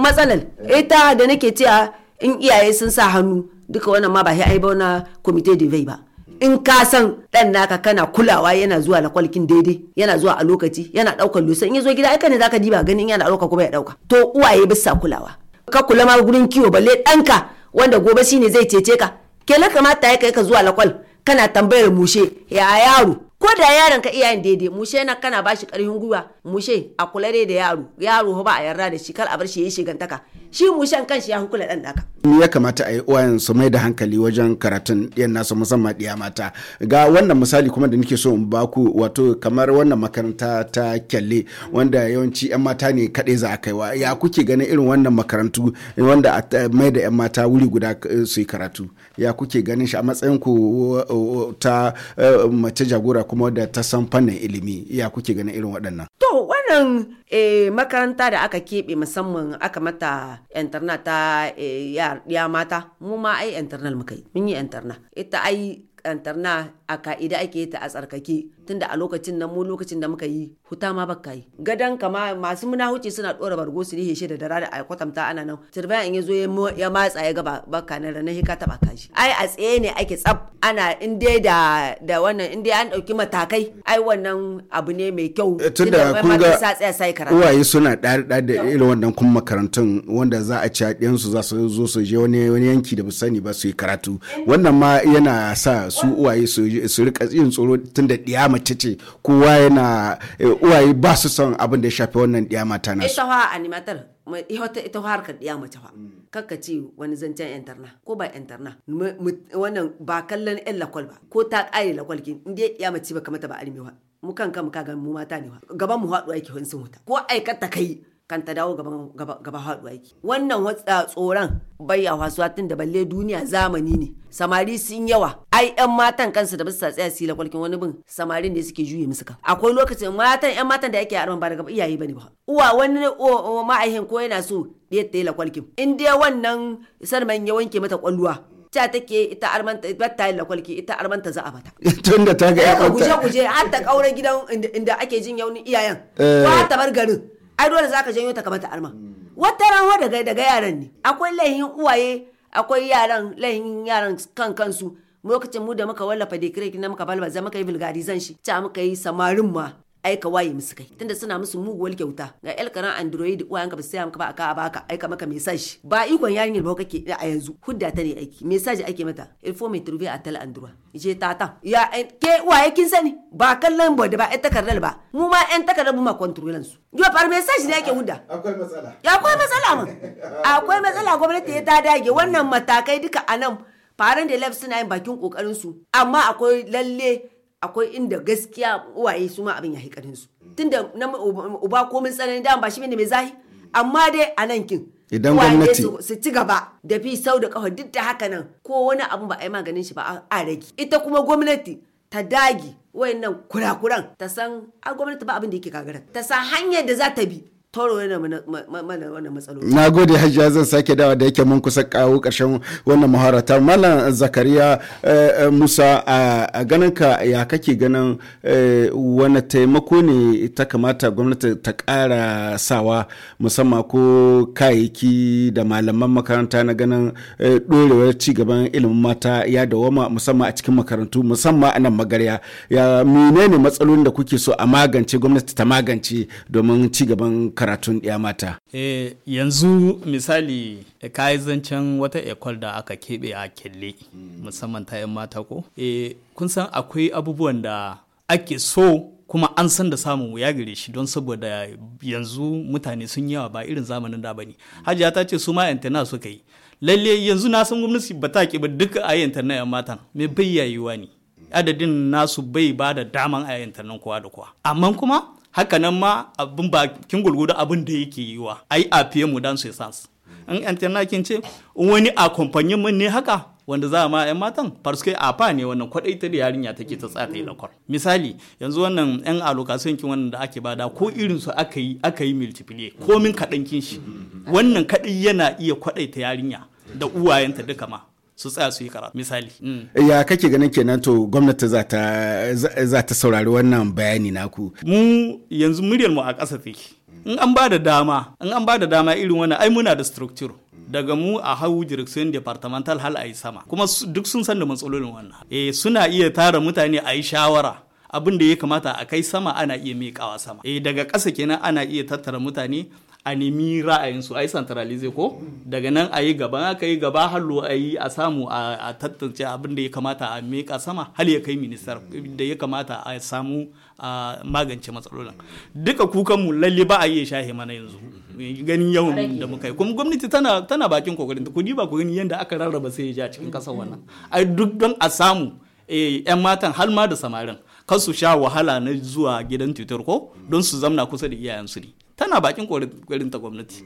matsalar ita da nake cewa in iyaye sun sa hannu duka wannan ma ba sai ai ba na komite de veille ba in ka san dan naka kana kulawa yana zuwa la kwalkin daidai yana zuwa a lokaci yana daukar lusa in ya zo gida aika ne zaka diba ganin yana dauka kuma ya dauka to uwaye bisa kulawa ka kula ma gurin kiwo balle danka wanda gobe shi ne zai cece ka kenan kamata ya kai ka zuwa lakwal kana tambayar mushe ya yaro ko da yaron ka iyayen daidai mushe na kana bashi karfin gwiwa mushe a kula dai da yaro yaro ba a yarda da shi kar a bar shi yayi shigantaka shi mushen kanshi ya hukula dan naka ya kamata a yi uwayen su mai da hankali wajen karatun ɗiyan nasu musamman ɗiya mata ga wannan misali kuma da nake so in baku wato kamar wannan makaranta ta kyalle wanda yawanci 'yan mata ne kaɗai za a kaiwa ya kuke ganin irin wannan makarantu wanda a mai da 'yan mata wuri guda eh, su yi karatu ya kuke ganin shi a matsayin ku ta eh, mace jagora kuma da ta san fannin ilimi ya kuke ganin irin waɗannan to wannan e, makaranta da aka keɓe musamman aka mata internet ta e, ya, mata mu ma ai internal muka yi mun yi interna ita ai intarna a ka'ida ake ta a tsarkake tunda a lokacin nan mu lokacin da muka yi huta ma baka yi gadan kama masu huce suna dora bargo su rihe shi da dara da a kwatanta ana nan turban in yazo ya matsa ya gaba bakka na ranar hika taba shi ai a tsaye ne ake tsaf ana in dai da da wannan in dai an dauki matakai ai wannan abu ne mai kyau eh, tunda kun ga uwaye suna dar da irin wannan kun makarantun wanda za a ci ɗiyan su za su zo su je wani wani yanki da ba sani ba su yi karatu wannan ma yana sa su uwaye su rika yin tsoro tunda ɗiya mace ce kowa yana eh, uwaye ba su son abin da ya shafi wannan ɗiya mata na ita fa animatar ita fa harkar ɗiya mace fa kakka ce wani zancen interna ko ba interna wannan ba kallon yan lakwal ba ko ta ƙare lakwal ki inda ya mace ba kamata ba armewa mu kan kan ka ga mu mata ne wa gaban mu haɗu aiki sun huta ko aikata kai kan ta dawo gaba haɗu aiki wannan watsa tsoron bayya wasuwa tun da balle duniya zamani ne samari sun yawa ai yan matan kansu da basa tsaya sila kwalkin wani bin samarin ne suke juye musu kan akwai lokacin matan yan matan da ake yaran ba daga iyaye bane ba uwa wani ma'aihin ko yana so ɗaya ta yi lakwalkin in dai wannan sanman ya wanke mata kwalluwa ta take ita armanta batta yin lakwalki ita armanta za a bata. Tun da ta ga ya guje guje har ta kaura gidan inda ake jin yaunin iyayen. Eh. Ba ta bar garin. ai dole zaka janyo ta kamata alma wata ranwa daga daga yaran ne akwai laihin uwaye akwai yaran laihin yaran kan kansu lokacin mu da muka wallafa dekire na muka balbaza muka yi zan shi ta muka yi samarin ma aika waye musu kai tunda suna musu muguwar kyauta ga elkaran android yanka ba sai saya maka ba aka baka aika maka message ba ikon yarinyar ba kake a yanzu hudda ta ne aiki message ake mata il faut me trouver à tel endroit je tata ya ke waye kin sani ba kallon board ba ai takardar ba mu ma yan takardar mu ma control su yo par message ne ake hudda akwai matsala akwai matsala mun akwai matsala gwamnati ta dage wannan matakai duka anan faran da lab suna yin bakin kokarin su amma akwai lalle akwai inda gaskiya uwaye su ma abin ya hikarin su tunda na uba komin tsanani da ba shi ne mai zahi amma dai a nan kin idan gwamnati su ci gaba da fi sau da kafa duk da haka nan ko wani abu ba a yi maganin shi ba a rage ita kuma gwamnati ta dagi wayannan kurakuran ta san a gwamnati ba abin da yake kagara ta san hanyar da za ta bi toro yana mana wannan matsaloli. Na gode hajiya zan sake dawa da yake mun kusa kawo karshen wannan maharata Malam Zakariya eh, eh, Musa a ganin ka ya kake ganin eh, wani taimako ne ta kamata gwamnati ta ƙara sawa musamman ko kayayyaki da malaman makaranta na ganin ɗorewar cigaban ilimin mata ya dawama musamman a cikin makarantu musamman a nan magarya. Ya menene matsalolin da kuke so a magance gwamnati ta magance domin cigaban karatun ɗaya mata. E, yanzu misali eh, ka yi zancen wata ekol da aka keɓe a kelle musamman ta 'yan mata ko? E, kun san akwai abubuwan da ake so kuma an san da samun wuya gare shi don saboda yanzu mutane sun yawa ba irin zamanin da bane hajiya ta ce su ma yantana suka yi lalle yanzu na san gwamnati ba ta ba duka a yantana yan matan mai bai yayuwa ne adadin nasu bai ba da daman a yantanan kowa da kowa amma kuma hakanan ma abin bakin gulgudu abin da yake yi wa ai a fiye mu dan sans in antenna kin ce wani a kamfanin mun ne haka wanda za ma yan matan farske a fa ne wannan kwadai ta yarinya take ta da mm. lakwar misali yanzu wannan yan alokasiyon kin wannan da ake bada ko irin su aka yi aka yi multiply komin kadan kin shi mm. wannan kadai yana iya kwadai ta yarinya da uwayenta duka ma su tsaya su yi karatu misali. Mm. Ya kake ganin kenan to gwamnati za ta saurari wannan bayani naku. Mu yanzu muryar mu a ƙasa take. In an ba da dama, in an ba da dama irin wannan ai muna da structure. daga mu a hau direction departmental hal a sama kuma duk sun san da matsalolin wannan eh suna iya tara mutane ayi shawara abin da ya kamata a kai sama ana iya miƙawa sama eh daga ƙasa kenan ana iya tattara mutane a nemi ra'ayinsu a yi santaralize ko daga nan a yi gaba aka yi gaba hallo a yi a samu a tattance abin da ya kamata a meka sama hal ya kai ministar da ya kamata a samu a magance matsalolin duka kukanmu lalle ba a yi shahe mana yanzu ganin yawan da muka yi kuma gwamnati tana tana bakin kokarin kudi ba ku gani yadda aka rarraba sai ya cikin kasar wannan ai duk don a samu yan eh, matan har ma da samarin kan su sha wahala na zuwa gidan tutar ko don su zamna kusa da iyayensu ne tana bakin kokarin ta gwamnati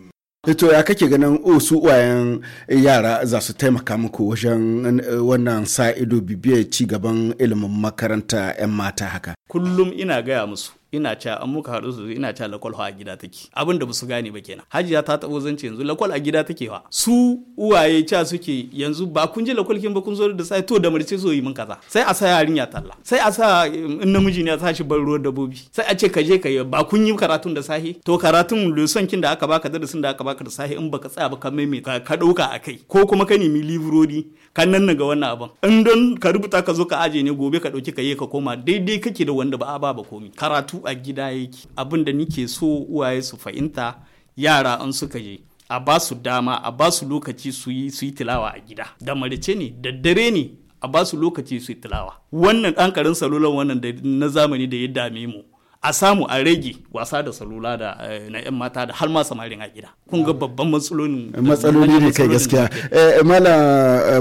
eh, to ya kake ganin o oh, su uwayen yara za su taimaka muku wajen eh, wannan sa ido bibiyar ci gaban ilimin makaranta 'yan mata haka kullum ina gaya musu ina ca an muka haɗu su ina ca lakwal a gida take abin da su gane ba kenan hajiya ta taɓo zance yanzu lakwal a gida take wa su uwaye ca suke yanzu ba kun je lakwal kin ba kun zo da sai to da marce so yi min kaza sai a sa yarinya talla sai a sa in namiji ne ya shi bar ruwan dabobi sai a ce ka je ka yi ba kun yi karatun da sahi to karatun leson kin da aka baka sun da aka baka da sahi in baka tsaya ba ka mai ka ɗauka a kai ko kuma ka nemi livrodi ka nan ga wannan abin in don ka rubuta ka zo ka aje ne gobe ka dauki ka yi ka koma daidai kake da wanda ba a ba ba komi karatu karatu a gida yake abin da nike so uwaye su fahimta yara an suka je a ba su dama a ba su lokaci su yi su yi tilawa a gida da marice ne da dare ne a ba su lokaci su yi tilawa wannan ɗan karin salulan wannan na zamani da ya dame mu a samu a rage wasa da salula da eh, na yan mata da har ma samarin a gida kun ga babban matsaloli matsaloli ne kai gaskiya eh, eh, mala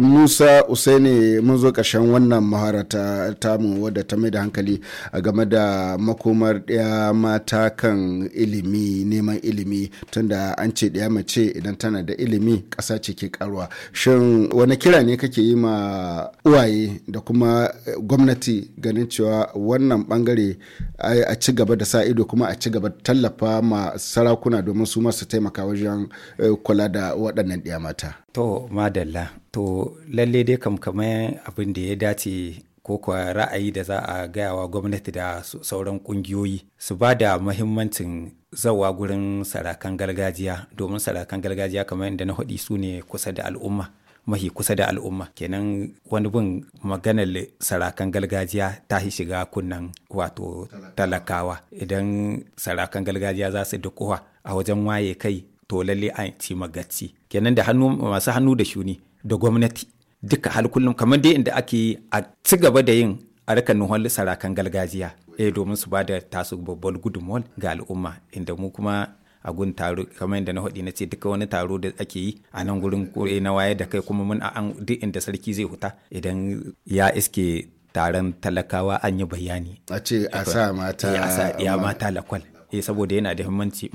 musa usaini mun zo ƙarshen wannan mahara ta tamu wadda ta mai da hankali a game da makomar ɗaya mata kan ilimi neman ilimi tunda an ce ɗaya mace idan tana da ilimi ƙasa ce ke karuwa shin wani kira ne kake yi ma uwaye da kuma gwamnati ganin cewa wannan bangare a ci gaba da sa ido kuma a ci gaba da tallafa ma sarakuna domin su masu taimaka wajen eh, kula da waɗannan ɗiya mata. To madalla to lalle dai kam kamar abin da ya dace ko kuwa ra'ayi da za a gayawa gwamnati da sauran kungiyoyi su ba da mahimmancin zawa gurin sarakan gargajiya domin sarakan gargajiya kamar yadda na hudi su ne kusa da al'umma mahi kusa da al'umma kenan wani bin maganar sarakan gargajiya ta shiga kunnan wato talakawa idan sarakan gargajiya za su dukuwa a wajen waye kai to lalle a ci magacci kenan da hannu masu hannu da shuni da gwamnati duka hal kullum kamar dai inda ake a ci gaba da yin harkar nuhon sarakan gargajiya eh domin su ba da tasu babbar gudunmuwar ga al'umma inda mu kuma a gun taro kamar yadda na haɗi na ce duka wani taro da ake yi a nan gurin kure na waye da kai kuma mun an duk inda sarki zai huta idan ya iske taron talakawa an yi bayani a ce a sa mata ya eh, sa ya mata lakwal eh saboda yana da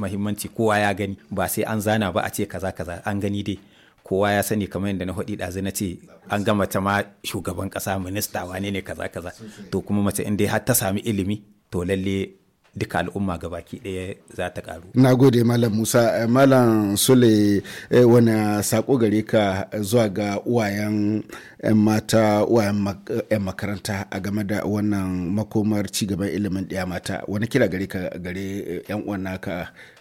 muhimmanci kowa ya gani ba sai an zana ba a ce kaza kaza an gani dai kowa ya sani kamar yadda na faɗi ɗazu na ce an ga mace ma shugaban kasa minista wane ne kaza kaza to kuma mace in dai har ta sami ilimi to lalle duka al'umma gabaki ɗaya za ta karu. Na gode Malam Musa, eh, Malam Sule eh, wani sako gare ka zuwa ga uwayen eh, mata uwayen makaranta a game da wannan makomar cigaban ilimin ɗaya mata wani kira gare ka gare 'yan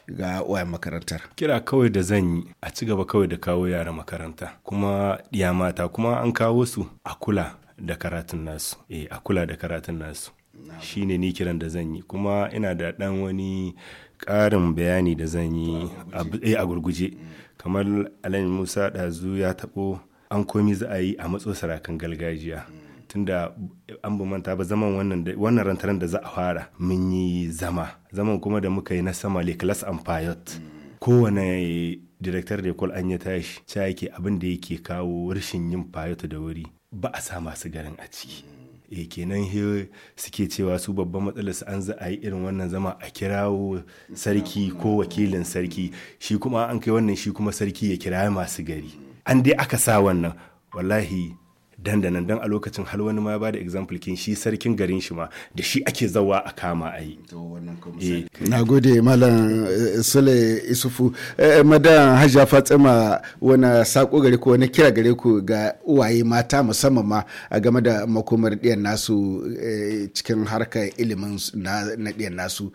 ga wayan makarantar. Kira kawai da zan yi a cigaba kawai da kawo yara makaranta kuma ɗiya mata kuma an kawo su a kula da karatun nasu. a kula da karatun nasu. shine ni kiran da zan yi kuma ina da ɗan wani ƙarin bayani da zan yi a eh, gurguje kamar alain musa ɗazu ya taɓo an komi za a yi a matso sarakan gargajiya tunda an manta ba zaman wannan rantaran da za a fara mun yi zama zaman kuma da muka yi na sama class and fayot. kowane director da kwal an ya tashi ca yake abin da yake kawo rashin yin fayot da wuri ba a sa masu garin a ciki e kenan he suke cewa su babban matsalar su an za a yi irin wannan zama a kirawo sarki ko wakilin sarki shi kuma an kai wannan shi kuma sarki ya kira masu gari an dai aka sa wannan wallahi dandanan dan a lokacin har wani ma ya bada example kin shi sarkin garin shi ma da shi ake zawa a kama a yi eh. na gode malam eh, sule isufu eh, madan hajja fatima wani sako gare ku wani kira gare ku ga uwaye mata musamman ma a game da makomar ɗiyan nasu cikin harkar ilimin na ɗiyan nasu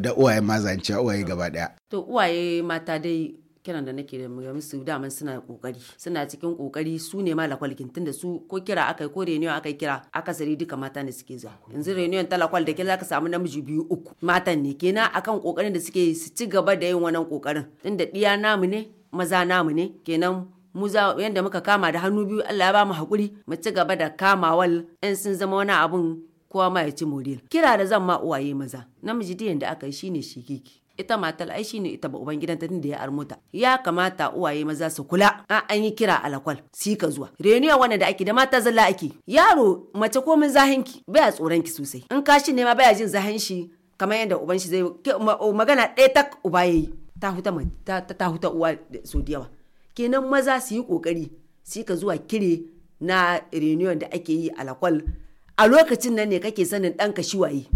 da uwaye mazanci uwaye gaba ɗaya to uwaye mata dai kiran da nake da su daman suna kokari suna cikin kokari su ne ma lakwalkin tunda su ko kira akai ko reniyon akai kira aka sari duka mata ne suke zuwa yanzu reniyon talakwal da ke zaka samu namiji biyu uku matan ne kenan akan kokarin da suke su ci gaba da yin wannan kokarin tunda diya namu ne maza namu ne kenan mu za yanda muka kama da hannu biyu Allah ya ba mu hakuri mu ci gaba da kamawal in sun zama wani abun kowa ma ya ci moriyar kira da zan ma uwaye maza namiji diyan da aka yi shine kiki ita matar ai shine ita ba ubangidanta tun da ya armuta ya kamata uwaye maza su kula a an yi kira alakwal si ka zuwa reniya wanda da ake da mata zalla ake yaro mace komin zahinki baya tsoron ki sosai in kashi ne ma baya jin zahin shi kamar yadda uban shi zai magana ɗaya tak uba yayi ta huta ta huta uwa so da yawa kenan maza su yi kokari si ka zuwa kire na reunion da ake yi a lakwal a lokacin nan ne kake sanin ɗanka shi waye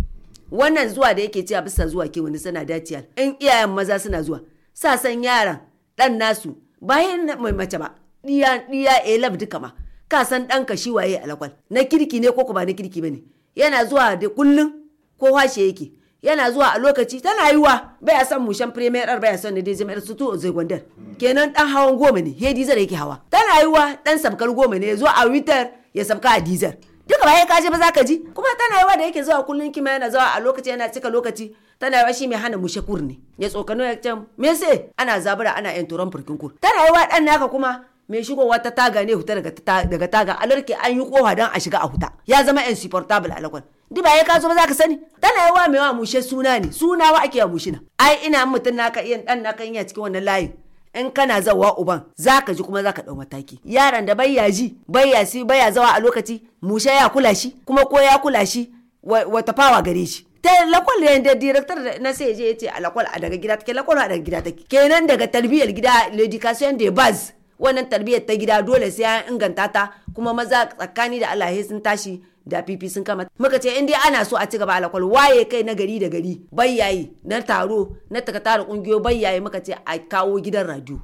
wannan zuwa da yake cewa bisa zuwa ke wani sana dace in iyayen maza suna zuwa sa san yaran dan nasu bayan mai mace ba diya diya eh, duka ma ka san dan ka shi waye alakwal na kirki ne ko ba na kirki bane yana zuwa da kullun ko washe yake yana zuwa a lokaci tana yiwa bai san mushen premier bai san da jami'ar su to zai gondar kenan dan hawan goma ne he dizar yake hawa tana yiwa dan sabkar goma ne ya zo a witar ya sabka a dizar duka bayan ka je ba za ka ji kuma tana yawa da yake zuwa kullun kima yana zuwa a lokaci yana cika lokaci tana yawa shi mai hana mushe kur ne ya tsokano ya can me sai ana zabura ana yan turan furkin kur tana yawa dan naka kuma mai shigo wata taga ne huta daga taga alarki an yi kowa don a shiga a huta ya zama insupportable alakwal duk ba ya kaso ba za ka sani tana yawa mai wa mushe suna ne suna wa ake wa mushina ai ina mutum naka iya dan naka iya cikin wannan layin in kana zawa uban zaka ji kuma zaka ɗau mataki yaran da baya ji baya si zawa a lokaci musha ya kula shi kuma ko ya kula shi wata fawa gare shi ta lakwal ya da director na sai je ya ce a lakwal a daga gida take lakwal a daga gida take kenan daga tarbiyyar gida l'education de base wannan tarbiyyar ta gida dole sai an inganta ta kuma maza tsakani da Allah sun tashi da fifi sun kama muka ce in dai ana so a ci gaba alakwal waye kai na gari da gari bayyayi na taro na taka tara kungiyoyi bayyayi muka ce a kawo gidan radio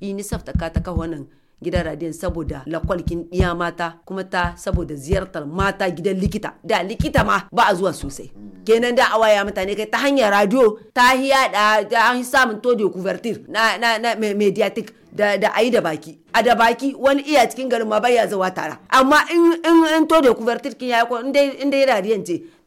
inisaf safta ka ta kawo wannan gidan radiyon saboda lakwal lakwalkin ɗiya mata kuma ta saboda ziyartar mata gidan likita da likita ma ba a zuwa sosai kenan da a waya mutane kai ta hanyar radio ta hiya da an samun to de couverture na na na mediatic da da ayi da baki a da baki wani iya cikin garin ma baya zawa tara amma in in in to da kuvertir kin ya ko in dai in dai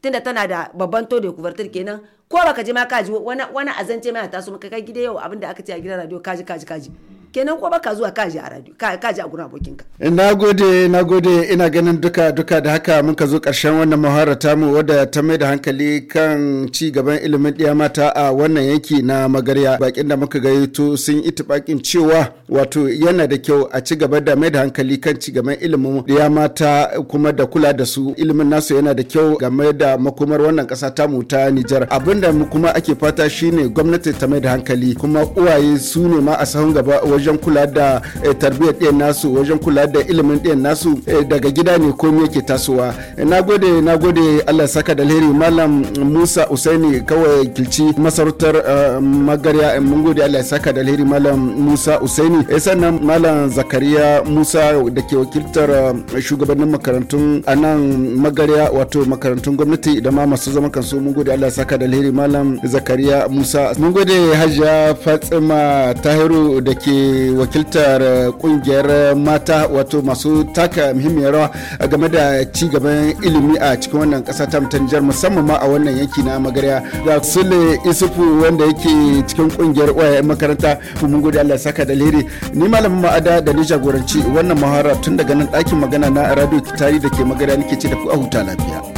tunda tana da babban to da kuvertir kenan ko baka je ma kaji wani wani azance mai ta so maka kai gida yau abinda aka ce a gidan radio kaji kaji kaji kenan ko baka zuwa ka ji a radio ka ji a gurin ka na gode na gode ina ganin duka duka da haka mun ka zo karshen wannan muhawara mu wadda ta mai da hankali kan ci gaban ilimin ɗiya mata a wannan yanki na magarya bakin da muka gayyato sun tubakin cewa wato yana da kyau a ci gaba da mai da hankali kan ci gaban ilimin ɗiya mata kuma da kula da su ilimin nasu yana da kyau game da makomar wannan ƙasa mu ta Nijar abinda kuma ake fata shine gwamnati ta mai da hankali kuma uwaye su ne ma a sahun gaba wajen kula da eh, tarbiyyar ɗiyan nasu wajen kula da ilimin ɗiyan nasu eh, daga gida ne me yake tasowa eh, na gode na gode allah saka da alheri malam musa usaini kawai kilci masarautar magarya mun gode allah saka da alheri malam musa usaini sannan malam zakariya musa da ke wakiltar shugabannin makarantun a nan magarya wato makarantun gwamnati da ma masu zama kansu mun gode allah saka da alheri malam zakariya musa mun gode hajiya fatima tahiru da ke wakiltar eh, kungiyar mata wato masu taka muhimmiyar rawa game da ci gaban ilimi a cikin wannan kasa ta mutanjar musamman ma a wannan yanki na magarya ga sule isufu wanda yake cikin kungiyar wayayen makaranta mun gode allah saka da lere ni malamin ma'ada da ni jagoranci wannan mahara tun daga nan ɗakin magana na radio tari da ke magarya nake ce da ku a huta lafiya.